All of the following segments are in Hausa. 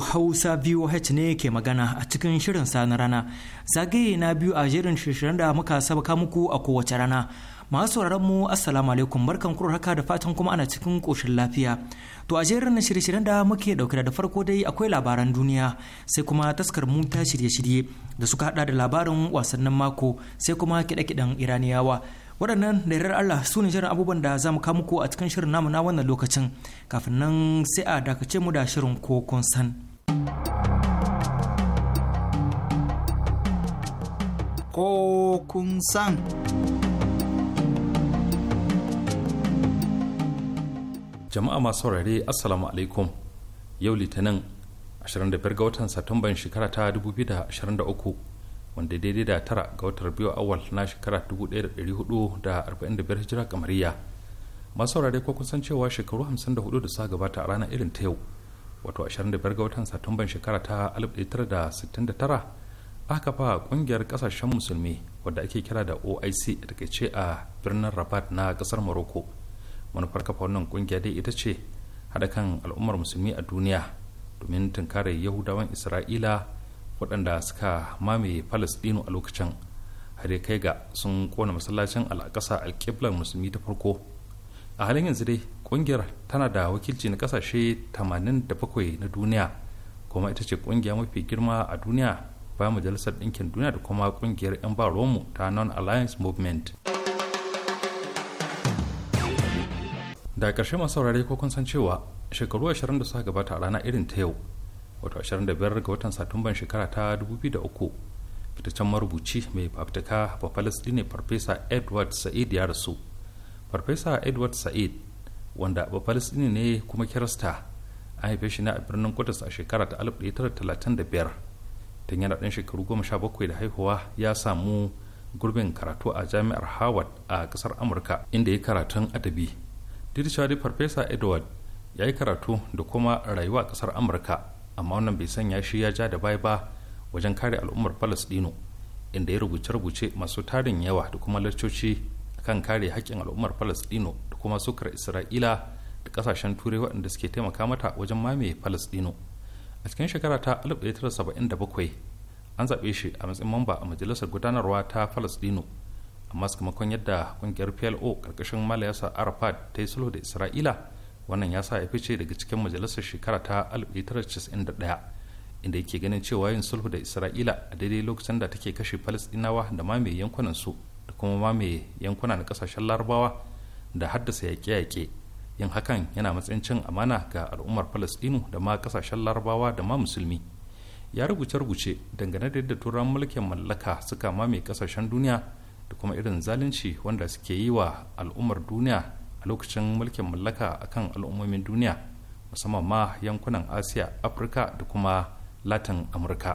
Hausa VOH ne ke magana a cikin shirin sa na rana. Zagaye na biyu a jerin shirin da muka sabaka muku a kowace rana. Masu sauraron mu Assalamu alaikum barkan ku haka da fatan kuma ana cikin koshin lafiya. To a jerin shirye-shiryen da muke dauke da farko dai akwai labaran duniya sai kuma taskar mu ta shirye-shirye da suka hada da labarin wasannin mako sai kuma kiɗe-kiɗen Iraniyawa. waɗannan da yarar Allah su ne shirin abubuwan da za mu muku a cikin shirin namu na wannan lokacin kafin nan sai a dakace mu da shirin ko kun san. Ko kun san. Jama'a masu saurare Assalamu alaikum yau litinin 25 ga watan Satumban shekara ta 2023. wanda daidai da tara ga watar biyu awal na shekara 1445 hijira kamariya masu saurare ko kun san cewa shekaru 54 da sa gabata a ranar irin ta yau wato 25 ga watan satumban shekara ta 1969 aka fa kungiyar kasashen musulmi wadda ake kira da oic da ce a birnin rabat na kasar morocco manufar kafa wannan kungiya dai ita ce haɗa kan al'ummar musulmi a duniya domin tunkare yahudawan isra'ila waɗanda suka mamaye palestino a lokacin har kai ga sun kona masallacin al'akasa alƙiblar musulmi ta farko a halin yanzu dai kungiyar tana da wakilci na kasashe 87 na duniya kuma ita ce kungiya mafi girma a duniya bayan majalisar ɗinkin duniya da kuma kungiyar 'yan ba romu ta non-alliance movement da ƙarshe masu saurare ko kun san cewa shekaru 20 da suka gabata a rana irin ta yau wato 25 ga watan satumban shekara ta 2003 fitaccen marubuci mai fafutuka ba palestine farfesa edward sa'id ya rasu farfesa edward sa'id wanda bafalistini ne kuma kirista an haife shi ne a birnin kudus a shekara ta 1935 tun yana dan shekaru 17 da haihuwa ya samu gurbin karatu a jami'ar harvard a kasar amurka inda ya karatun adabi dirishari farfesa edward ya yi karatu da kuma rayuwa a ƙasar amurka amma wannan bai sanya shi ya ja da baya ba wajen kare al'ummar palestino inda ya rubuce-rubuce masu tarin yawa da kuma larcoci kan kare haƙƙin al'ummar palestino kuma sukar isra'ila da kasashen turai waɗanda suke taimaka mata wajen mamaye palestino a cikin shekara ta 1977 an zaɓe shi a matsayin mamba a majalisar gudanarwa ta palestino amma sakamakon yadda ƙungiyar plo ƙarƙashin malayasa arafat ta yi sulhu da isra'ila wannan ya sa ya fice daga cikin majalisar shekara ta 1991 inda yake ganin cewa yin sulhu da isra'ila a daidai lokacin da take kashe falasdinawa da mamaye yankunan su da kuma mamaye yankuna na kasashen larabawa da haddasa yaƙe-yaƙe yin hakan yana matsayin cin amana ga al'ummar falastinu da ma kasashen larabawa da ma musulmi ya rubuce-rubuce dangane da yadda turan mulkin mallaka suka mame kasashen duniya da kuma irin zalunci wanda suke yi wa al'ummar duniya a lokacin mulkin mallaka akan al'ummomin duniya musamman ma yankunan asiya afirka da kuma latin amurka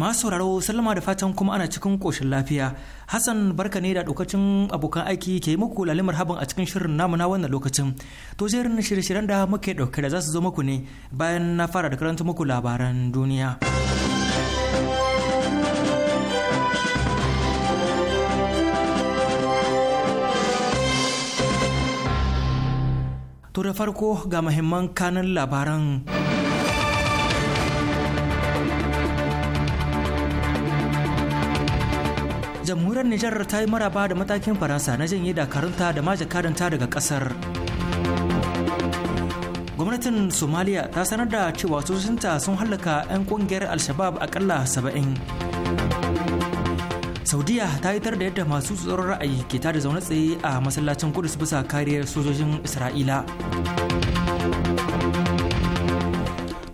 masu sauraro sallama da fatan kuma ana cikin koshin lafiya hassan barka ne da dokacin abokan aiki ke muku lalimar habin a cikin shirin namu na wannan lokacin to jerin shirye-shiryen da muke dauke da za su zo muku ne bayan na fara da karanta muku labaran duniya to da farko ga muhimman kanan labaran jamhuriyar nijar ta yi maraba da matakin faransa na janye dakarunta da majakaranta daga kasar gwamnatin somaliya ta sanar da cewa sojojinta sun hallaka 'yan kungiyar al-shabab akalla saba'in saudiya ta yi da yadda masu tsoron ra'ayi ke tada zaune tsaye a masallacin kudus bisa kariyar sojojin isra'ila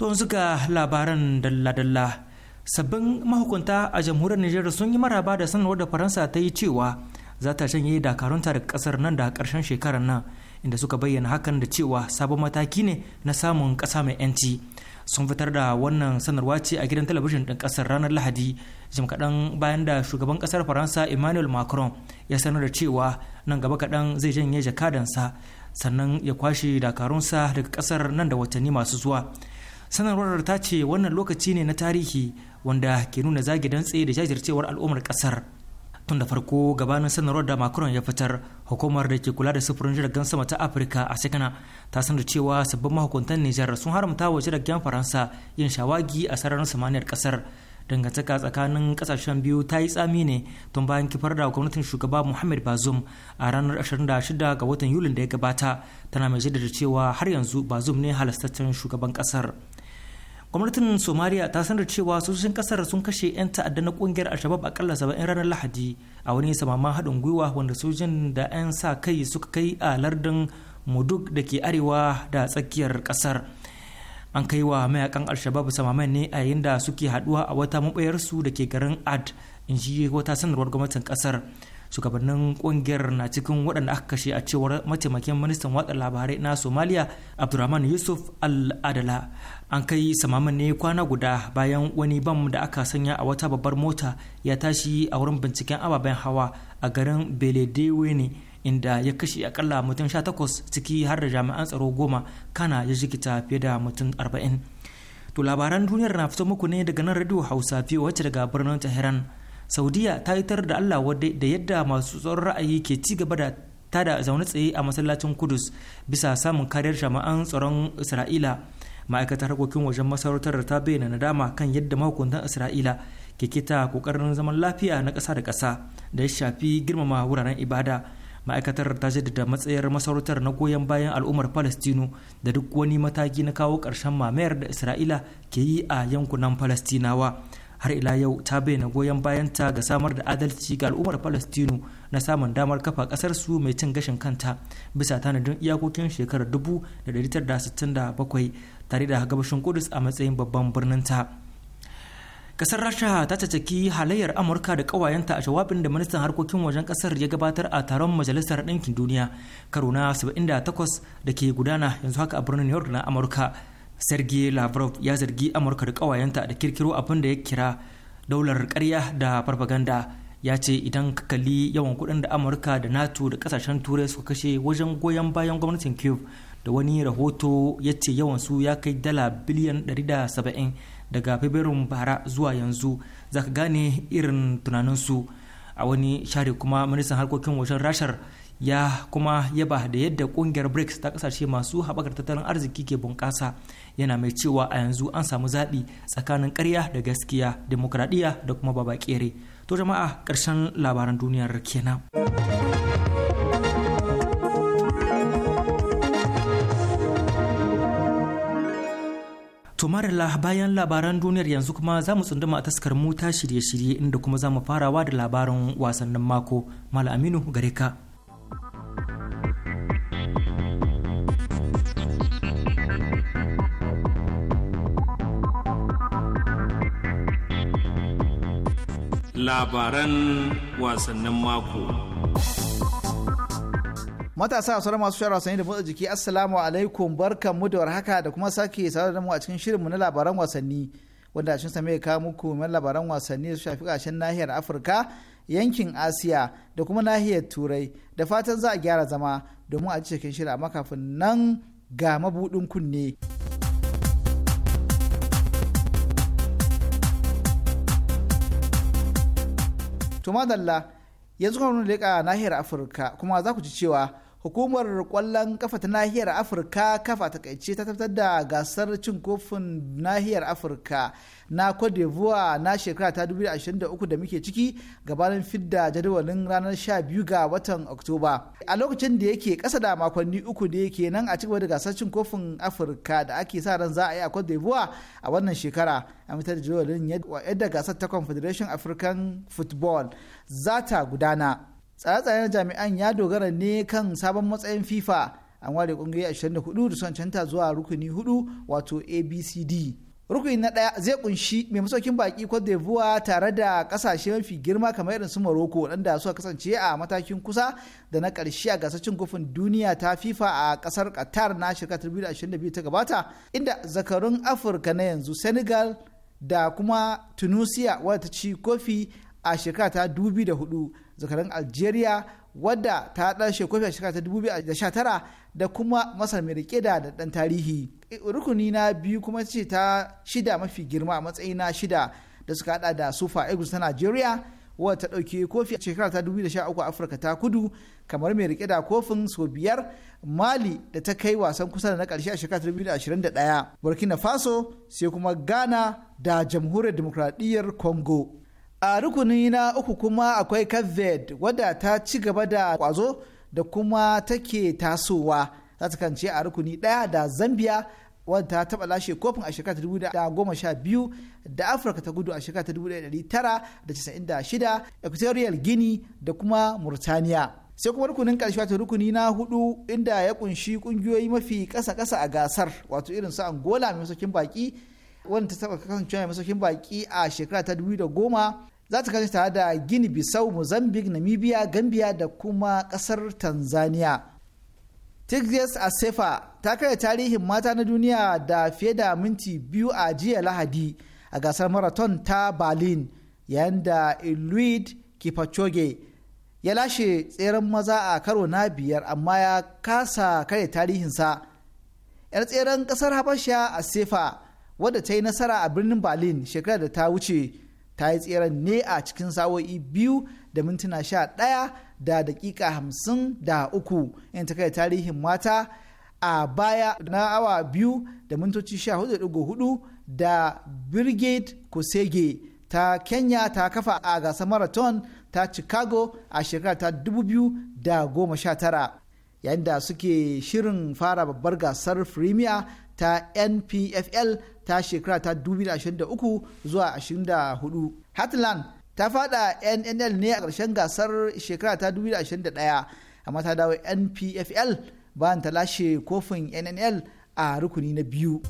don suka labaran dalla-dalla sabbin mahukunta a jamhuriyar nijar sun yi maraba da sanarwar da faransa ta yi cewa za ta shanye dakarunta daga kasar nan da karshen shekarar nan inda suka bayyana hakan da cewa sabon mataki ne na samun kasa mai yanci sun fitar da wannan sanarwa ce a gidan talabijin ɗin ƙasar ranar lahadi jim kaɗan bayan da shugaban ƙasar faransa emmanuel macron ya sanar da cewa nan gaba kaɗan zai janye jakadansa sannan ya kwashe dakarunsa daga ƙasar nan da watanni masu zuwa sanarwar ta ce wannan lokaci ne na tarihi wanda ke nuna zagi tsaye da jajircewar al'ummar kasar tun da farko gabanin sanarwar da macron ya fitar hukumar da ke kula da sufurin jiragen sama ta afirka a sekana ta sanar cewa sabbin mahukuntan nijar sun haramta wa jiragen faransa yin shawagi a sararin samaniyar kasar dangantaka tsakanin kasashen biyu ta yi tsami ne tun bayan kifar da gwamnatin shugaba muhammad bazum a ranar 26 ga watan yulin da ya gabata tana mai jaddada cewa har yanzu bazum ne halastaccen shugaban kasar gwamnatin somaliya ta sanar cewa sojojin kasar sun kashe 'yan ta'adda na kungiyar alshabab akalla saba'in ranar lahadi a wani samaman haɗin gwiwa wanda sojojin da 'yan sa kai suka kai a lardin muduk da ke arewa da tsakiyar kasar an kai wa mayakan alshabab samaman ne a yayin da suke haduwa a wata mabayarsu da ke garin ad in ji wata sanarwar gwamnatin kasar shugabannin kungiyar na cikin waɗanda aka kashe a cewar mataimakin ministan watsa labarai na somaliya abdulrahman yusuf al-adala an kai samaman ne kwana guda bayan wani bam da aka sanya a wata babbar mota ya tashi a wurin binciken ababen hawa a garin beledewe ne inda ya kashe akalla mutum 18 ciki har da jami'an tsaro goma kana ya jikita fiye da mutum 40 to labaran duniyar na fito muku ne daga nan radio hausa fiye wacce daga birnin tehran saudiya ta yi tar da allah wadda da yadda masu tsoron ra'ayi ke ci gaba da tada zaune tsaye a masallacin kudus bisa samun kariyar jama'an tsaron isra'ila ma'aikatar harkokin wajen masarautar ta bayyana nadama kan yadda mahukuntan isra'ila ke kita kokarin zaman lafiya na ƙasa da ƙasa da ya shafi girmama wuraren ibada ma'aikatar ta jaddada matsayar masarautar na goyon bayan al'ummar palestino da duk wani mataki na kawo ƙarshen mamayar da isra'ila ke yi a yankunan palestinawa har ila yau ta bayyana goyon bayanta ga samar da adalci ga al'ummar palestino na samun damar kafa kasar su mai cin gashin kanta bisa tanadin iyakokin shekarar 1967 tare da gabashin kudus a matsayin babban birnin ta kasar rasha ta cacaki halayyar amurka da kawayenta a jawabin da ministan harkokin wajen kasar ya gabatar a taron majalisar ɗinkin duniya karo na 78 da ke gudana yanzu haka a birnin new york na amurka sergei lavrov ya zargi amurka da ƙawayenta da kirkiro abin da ya kira daular karya da farfaganda ya ce idan ka kalli yawan kuɗin da amurka da nato da ƙasashen turai suka kashe wajen goyon bayan gwamnatin Kyiv da wani rahoto ya ce yawan su ya kai dala biliyan 170 daga fabirin bara zuwa yanzu za ka gane irin tunaninsu a wani share kuma ministan harkokin wajen rashar ya kuma yaba da yadda kungiyar brics ta kasashe masu haɓakar tattalin arziki ke bunƙasa yana mai cewa a yanzu an samu zaɓi tsakanin ƙarya da gaskiya demokradiyya da kuma babakere to jama'a ƙarshen labaran duniyar kenan To bayan labaran duniyar yanzu kuma za mu tsunduma a taskar mu ta shirye-shirye inda kuma za mu farawa da labaran wasannin mako. Mala Aminu gare ka. labaran wasannin mako. Matasa sauran masu shara wasanni da motsa jiki Assalamu alaikum barkanmu da warhaka da kuma sake saurara da mu a cikin shirinmu na labaran wasanni wanda a cikin same kawo muku mai labaran wasanni su shafi kashin nahiyar Afirka yankin Asiya da kuma nahiyar Turai da fatan za a gyara zama domin a cikin shirin amma kafin nan ga mabudin kunne. to madalla yanzu kuma mun leƙa nahiyar afirka kuma za ku ji cewa hukumar kwallon kafa ta nahiyar afirka kafa takaice ta tabbatar da gasar cin kofin nahiyar afirka na cote d'ivoire na shekara ta 2023 da muke ciki gabanin fidda jadawalin ranar 12 ga watan oktoba a lokacin da yake kasa da makonni uku da yake nan a cikin da gasar cin kofin afirka da ake sa ran za a yi a cote d'ivoire a wannan shekara a mitar jadawalin yadda gasar ta confederation african football za ta gudana tsare-tsaren jami'an ya dogara ne kan sabon matsayin fifa an ware a 24 da son canta zuwa rukuni hudu wato abcd rukuni na daya zai kunshi mai masaukin baki cote d'ivoire tare da kasashe mafi girma kamar irin su morocco wadanda suka kasance a matakin kusa da na karshe a gasar cin kofin duniya ta fifa a kasar qatar na shekara 2022 ta gabata inda zakarun afirka na yanzu senegal da kuma tunisia wadda ta ci kofi a shekara ta 2004 zakaran algeria wadda ta dan kofi a shekara ta 2019 da kuma masar mai rike da dan tarihi e, rukuni na biyu kuma ce ta shida mafi girma a matsayi na shida da suka hada da sufa eagles ta nigeria wadda ta dauke kofi a shekara ta 2013 afirka ta kudu kamar mai rike da kofin sau biyar mali da ta kai wasan kusa da na karshe a shekara ta 2021 burkina faso sai kuma ghana da jamhuriyar demokradiyyar congo a rukuni na uku kuma akwai kaved wadda ta ci gaba da kwazo da kuma take tasowa za ta kance a rukuni ɗaya da zambia wadda ta taɓa lashe kofin a shekara ta da goma sha biyu da afirka ta gudu a shekara ta da tara da da equatorial guinea da kuma murtaniya sai kuma rukunin ƙarshe wato rukuni na hudu inda ya kunshi ƙungiyoyi mafi ƙasa-ƙasa a gasar wato irin su angola mai masaukin baki wanda ta taɓa kasancewa mai masaukin baki a shekara ta za ta kasance tare da gini bisau mozambique namibia gambia da kuma kasar tanzania tigres asefa ta karya tarihin mata na duniya da fiye da minti biyu a jiya lahadi a gasar marathon ta berlin yayin da eluid kipachoge ya lashe tseren maza a karo na biyar amma ya kasa karya tarihinsa 'yar tseren kasar habasha asefa wadda ta yi nasara a birnin berlin shekarar da ta wuce ta yi tseren ne a cikin sa'o'i biyu da mintuna sha ɗaya da daƙiƙa hamsin da uku in ta kai tarihin mata a baya na awa biyu da mintoci sha hudu da hudu da birgit kosege ta kenya ta kafa a gasar marathon ta chicago a shekara ta tara yayin da suke shirin fara babbar gasar firimiya ta npfl ta shekara ta 2023 zuwa 24. Heartland ta fada NNL ne a ƙarshen gasar shekara ta 2021 amma ta dawo NPFL bayan ta lashe kofin NNL a rukuni na biyu.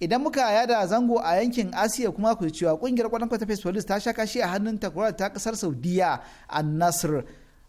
idan muka yada zango a yankin asiya kuma ku cewa kungiyar kwallon kwata face police ta sha kashi a hannun takwarar ta kasar saudiya a nasir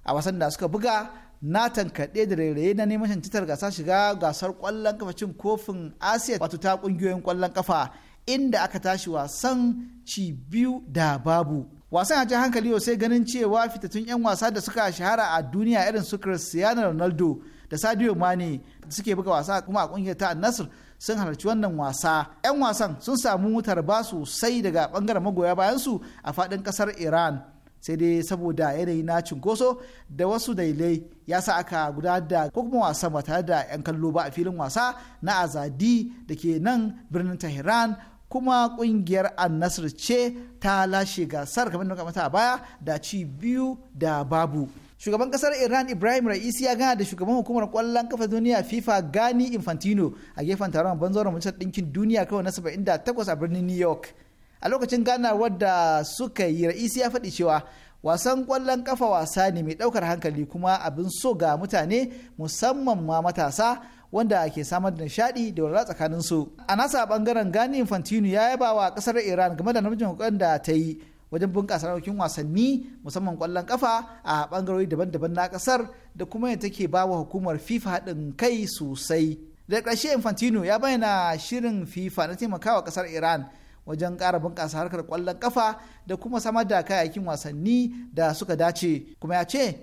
a wasan da suka buga na tankaɗe da rairaye na neman shantitar gasa shiga gasar ƙwallon kafa cin kofin asiya wato ta ƙungiyoyin ƙwallon kafa inda aka tashi wasan ci biyu da babu wasan a hankali sai ganin cewa fitattun 'yan wasa da suka shahara a duniya irin su cristiano ronaldo da sadio mane da suke buga wasa kuma a ƙungiyar ta nasir sun halarci wannan wasa 'yan wasan sun samu tarba sosai daga bangaren magoya bayan su a faɗin ƙasar iran sai dai saboda yanayi na cunkoso da wasu dalilai ya sa aka gudanar da ko kuma wasa ba tare da 'yan kallo ba a filin wasa na azadi da ke nan birnin tahiran kuma kungiyar annasir ce ta lashe gasar kamar da mata a baya da ci biyu da babu shugaban kasar iran ibrahim ra'isi ya gana da shugaban hukumar kwallon kafa duniya fifa gani infantino a gefen taron banzoron majalisar ɗinkin duniya kawai na 78 a birnin new york a lokacin ganawar da suka yi ra'isi ya faɗi cewa wasan ƙwallon kafa wasa ne mai ɗaukar hankali kuma abin so ga mutane musamman ma matasa wanda ke samar da nishaɗi da walwala tsakanin su a nasa bangaren gani infantino ya yaba wa ƙasar iran game da namijin kokarin da ta yi wajen bunƙasa harkokin wasanni musamman ƙwallon kafa a bangarori daban-daban na ƙasar da kuma yadda take ba wa hukumar fifa haɗin kai sosai da ƙarshe infantino ya bayyana shirin fifa na taimakawa ƙasar iran wajen kara bunƙasa harkar kwallon kafa da kuma samar da kayayyakin wasanni da suka dace kuma ya ce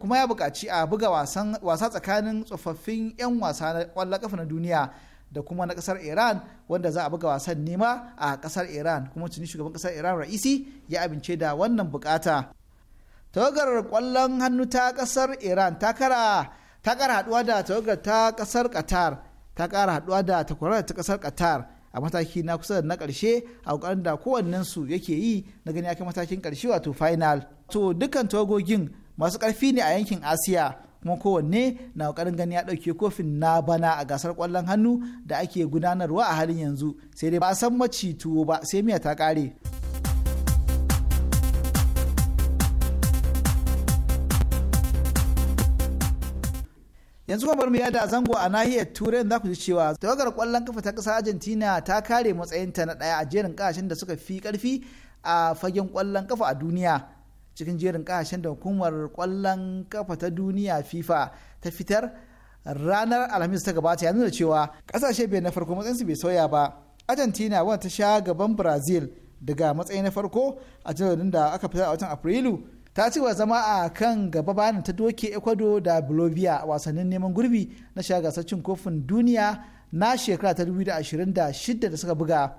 kuma ya buƙaci a buga wasa tsakanin tsofaffin 'yan wasa na ƙwallon kafa na duniya da kuma na kasar iran wanda za a buga wasan nema a kasar iran kuma tuni shugaban kasar iran ra'isi ya amince da wannan bukata tawagar kwallon hannu ta kasar iran ta kara ta kara haduwa da tawagar ta kasar qatar ta kara haduwa da takwarar ta kasar qatar a mataki na kusa da na karshe a kokarin da kowannen su yake yi na gani akan matakin karshe wato final to dukkan tawagogin masu karfi ne a yankin asiya kuma kowanne na kokarin gani ya dauke kofin na bana a gasar kwallon hannu da ake gudanarwa a halin yanzu sai dai ba san maci tuwo ba sai miya ta kare yanzu kuma bari mu yada zango a nahiyar turai za ku ji cewa tawagar kwallon kafa ta kasa argentina ta kare matsayinta na ɗaya a jerin ƙasashen da suka fi karfi a fagen kwallon kafa a duniya cikin jerin ƙasashen da hukumar kwallon kafa ta duniya fifa ta fitar ranar alhamis ta gabata ya nuna cewa ƙasashe bai na farko matsayinsu bai sauya ba argentina wanda ta sha gaban brazil daga matsayi na farko a jadawalin da aka fitar a watan afrilu ta ci zama a kan gaba bayan ta doke ecuador da bolivia wasannin neman gurbi na shiga gasar cin kofin duniya na shekara ta 2026 da suka buga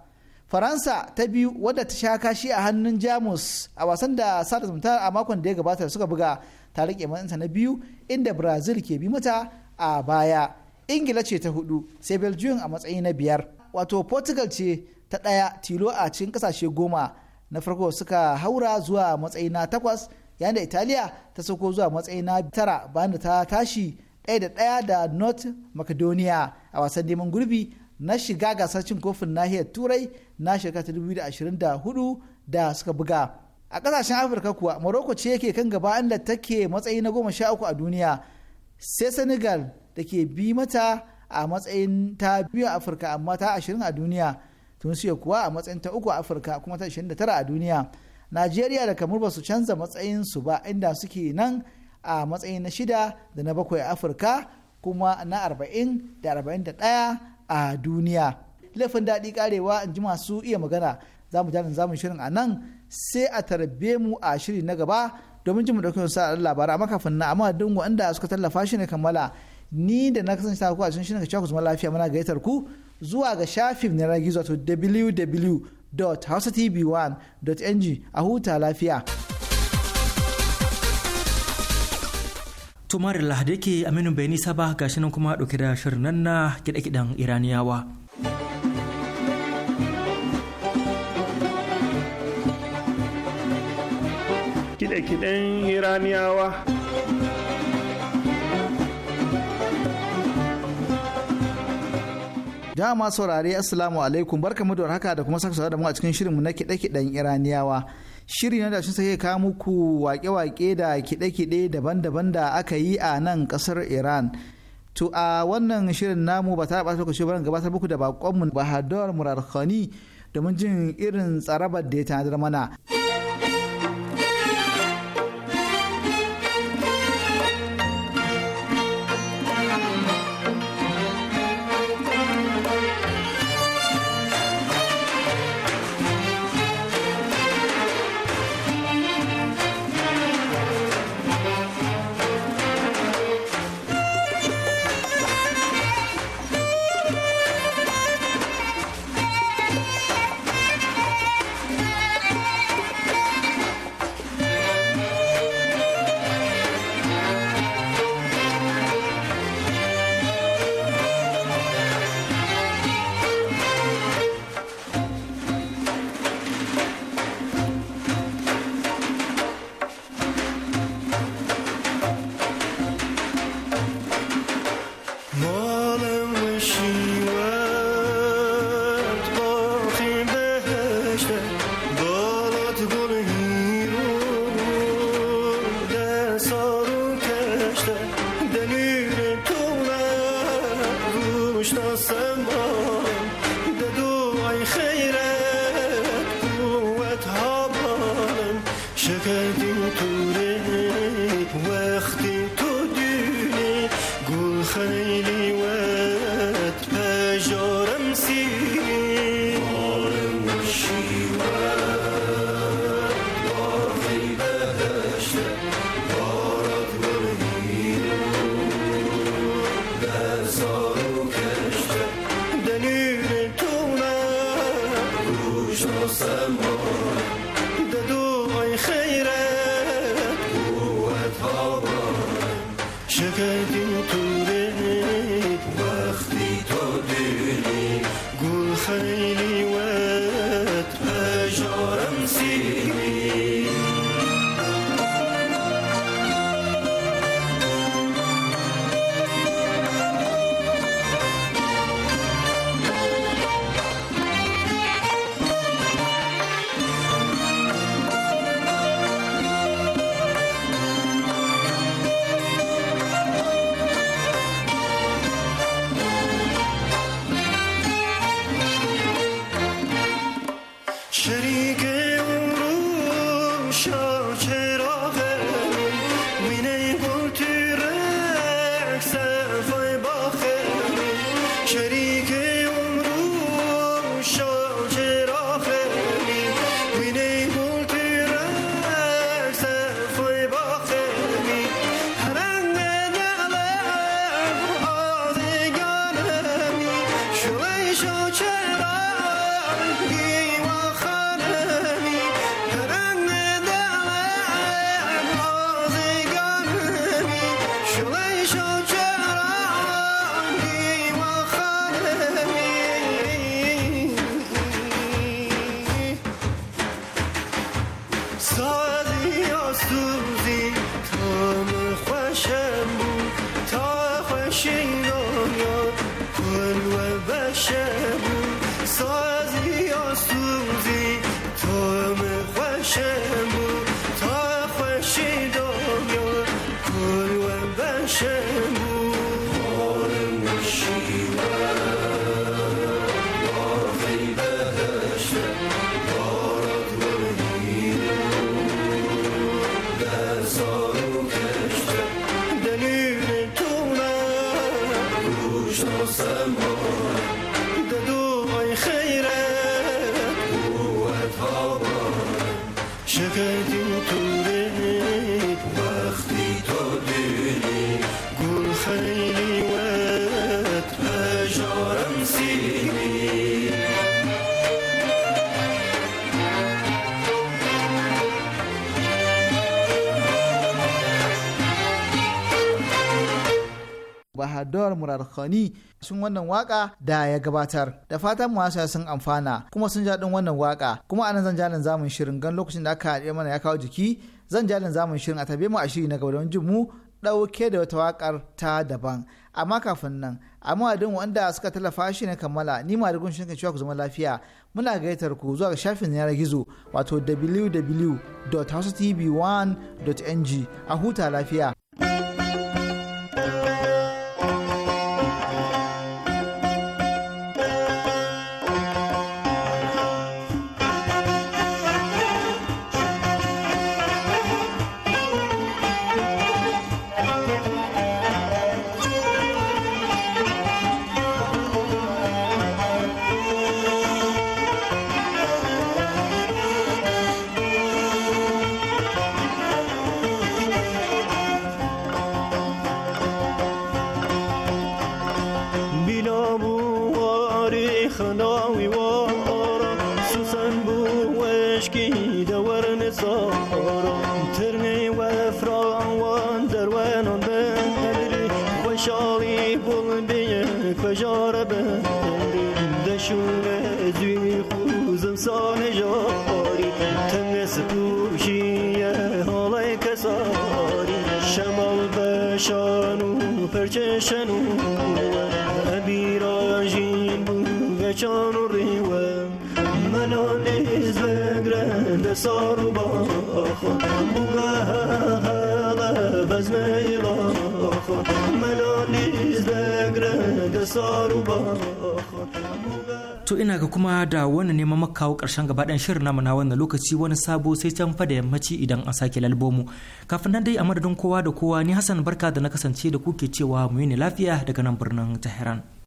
faransa ta biyu wadda ta sha kashi a hannun jamus a wasan da sada zumunta a makon da ya gabata da suka buga ta rike matsinta na biyu inda brazil ke bi mata a baya ingila ce ta hudu sai belgium a matsayi na biyar wato portugal ce ta ɗaya tilo a cikin kasashe goma na farko suka haura zuwa matsayi na takwas yayin da italiya ta sauko zuwa matsayi na tara bayan da ta tashi ɗaya da ɗaya da north macedonia a wasan neman gurbi na shiga gasar cin kofin nahiyar turai na shekarar 2024 da suka buga a ƙasashen afirka kuwa morocco ce yake kan gaba inda take matsayi na goma sha uku a duniya sai senegal da ke bi mata a matsayin ta biyu a afirka amma ta ashirin a duniya tunisiya kuwa a matsayin ta uku a afirka kuma ta 29 a duniya najeriya da kamar ba su canza su ba inda suke nan a matsayin na shida da na bakwai a afirka kuma na arba'in da arba'in da ɗaya a duniya laifin daɗi karewa in ji masu iya magana za mu jami'in zamun shirin a nan sai a tarbe mu a shiri na gaba domin jin mu ɗauki wasu labarai amma kafin na amma duk inda suka tallafa shi ne kammala ni da na kasance ta ku a cikin shirin ka cewa ku zama lafiya muna gayyatar ku zuwa ga shafin na gizo to www www.hausatv1.ng a huta lafiya. Tumar lahadi ke Aminu bai nisa ba gashi nan kuma dauke da shirin nan na kiɗe-kiɗen Iraniyawa. Kiɗe-kiɗen Iraniyawa. Jama'a masu saurare Assalamu alaikum barkamu da haka da kuma saka da mu a cikin shirinmu na kiɗe-kiɗen Iraniyawa. Shiri na da shi sai kawo muku wake-wake da kiɗe-kiɗe daban-daban da aka yi a nan kasar Iran. To a wannan shirin namu ba ta ɓata lokaci ba gabatar muku da bakon baƙonmu Bahadur Murarkhani domin jin irin tsarabar da ya tanadar mana. سالی آسودی تام خوشم بود تا خوشی دنیا کل و بشه بود abdul murad khani wannan waka da ya gabatar da fatan masu sun amfana kuma sun jaɗin wannan waka kuma anan zan jalin zamun shirin gan lokacin da aka haɗe mana ya kawo jiki zan jalin zamun shirin a tabe mu a shiri na gaba don jin mu ɗauke da wata wakar ta daban amma kafin nan amma adin wanda suka tallafa shi na kammala ni ma da gunshin kan cewa ku zama lafiya muna gayyatar ku zuwa ga shafin yanar gizo wato www.housetv1.ng a huta lafiya از To ina ga kuma da wani neman makawo karshen gaba ɗan shirin namu na wannan lokaci wani sabo sai can fa da yammaci idan an sake lalbomu. Kafin nan dai a madadin kowa da kowa ni Hassan barka da na kasance da kuke cewa mu yi lafiya daga nan birnin Tehran.